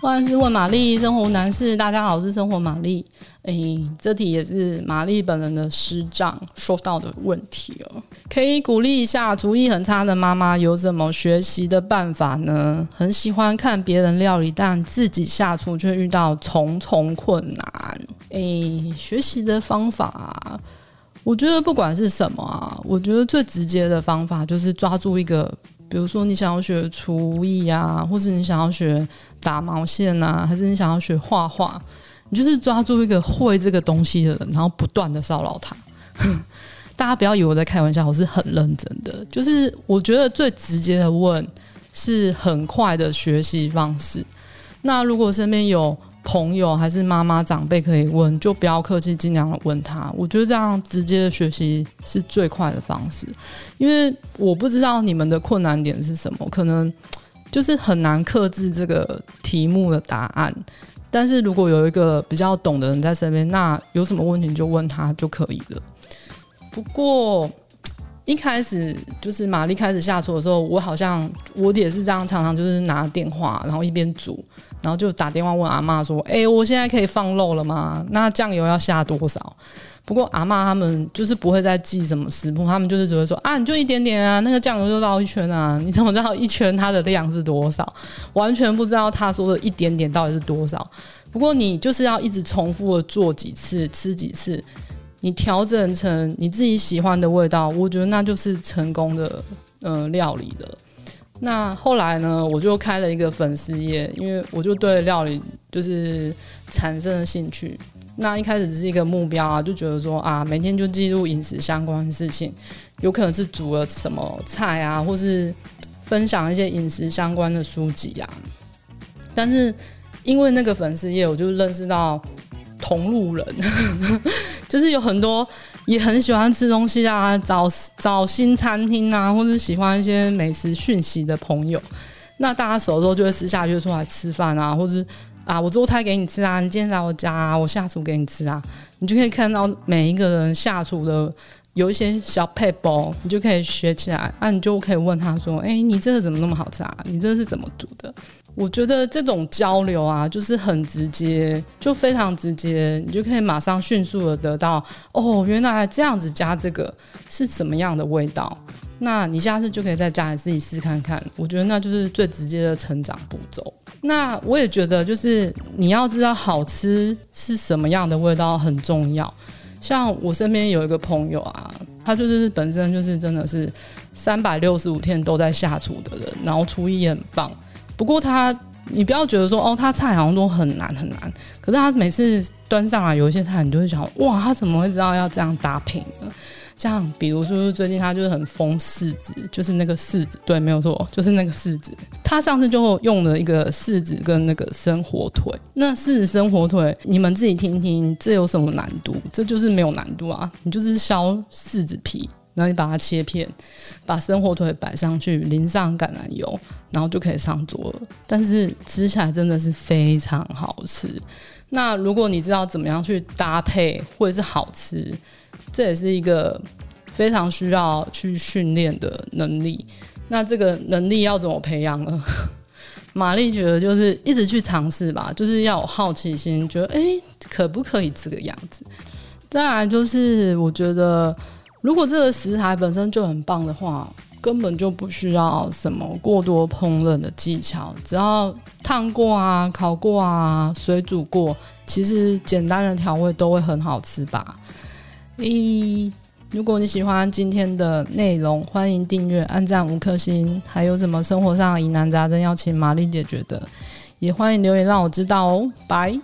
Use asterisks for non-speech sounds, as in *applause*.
萬事問瑪麗，生活男士，大家好，我是生活瑪麗。哎，這題也是瑪麗本人的師長說到的問題哦。可以鼓勵一下，廚藝很差的媽媽有什麼學習的辦法呢？很喜歡看別人料理，但自己下廚卻遇到重重困難。哎，學習的方法，我覺得不管是什麼啊，我覺得最直接的方法就是抓住一個。比如說你想要學廚藝啊，或是你想要學打毛線啊，還是你想要學畫畫，你就是抓住一個會這個東西的人，然後不斷的騷擾他。 *laughs* 大家不要以為我在開玩笑，我是很認真的。就是我覺得最直接的問是很快的學習方式。那如果身邊有。朋友還是媽媽長輩可以問，就不要客氣，盡量問他。我覺得這樣直接的學習是最快的方式，因為我不知道你們的困難點是什麼，可能就是很難克制這個題目的答案。但是如果有一個比較懂的人在身邊，那有什麼問題你就問他就可以了。不過。一開始就是瑪麗開始下廚的時候，我好像我也是這樣，常常就是拿電話，然後一邊煮，然後就打電話問阿嬤說：“哎、欸，我現在可以放肉了嗎？那醬油要下多少？”不過阿嬤他們就是不會再記什麼食譜，他們就是只會說：“啊，你就一點點啊，那個醬油就繞一圈啊。”你怎麼知道一圈它的量是多少？完全不知道他說的一點點到底是多少。不過你就是要一直重複的做幾次，吃幾次。你調整成你自己喜歡的味道，我覺得那就是成功的嗯、呃、料理的。那後來呢，我就開了一個粉絲頁，因為我就對料理就是產生了興趣。那一開始只是一個目標啊，就覺得說啊，每天就記錄飲食相關的事情，有可能是煮了什麼菜啊，或是分享一些飲食相關的書籍啊。但是因為那個粉絲頁，我就認識到同路人。 *laughs* 就是有很多也很喜歡吃東西啊，找找新餐廳啊，或者喜歡一些美食訊息的朋友，那大家熟了之後就會私下約出來吃飯啊，或者啊我做菜給你吃啊，你今天來我家，啊，我下廚給你吃啊，你就可以看到每一個人下廚的。有一些小撇步，你就可以學起來。啊，你就可以問他說：“哎、欸，你這個怎麼那麼好吃啊？你這個是怎麼煮的？”我覺得這種交流啊，就是很直接，就非常直接，你就可以馬上迅速的得到哦，原來這樣子加這個是什麼樣的味道。那你下次就可以在家裡自己試看看。我覺得那就是最直接的成長步驟。那我也覺得，就是你要知道好吃是什麼樣的味道很重要。像我身邊有一個朋友啊，他就是本身就是真的是三百六十五天都在下廚的人，然後廚藝也很棒，不過他。你不要覺得說哦，他菜好像都很難很難，可是他每次端上來有一些菜，你就會想哇，他怎麼會知道要這樣搭配呢？這樣，比如就是最近他就是很瘋柿子，就是那個柿子，對，沒有錯，就是那個柿子。他上次就用了一個柿子跟那個生火腿，那柿子生火腿，你們自己聽聽，這有什麼難度？這就是沒有難度啊，你就是削柿子皮。那你把它切片，把生火腿擺上去，淋上橄欖油，然後就可以上桌了。但是吃起來真的是非常好吃。那如果你知道怎麼樣去搭配或者是好吃，這也是一個非常需要去訓練的能力。那這個能力要怎麼培養呢？瑪麗覺得就是一直去嘗試吧，就是要有好奇心，覺得欸，可不可以這個樣子？再來就是我覺得。如果這個食材本身就很棒的話，根本就不需要什麼過多烹飪的技巧，只要燙過啊、烤過啊、水煮過，其實簡單的調味都會很好吃吧。咦、欸，如果你喜歡今天的內容，歡迎訂閱、按讚五顆星。還有什麼生活上的疑難雜症要請瑪麗解決的，也歡迎留言讓我知道哦。拜。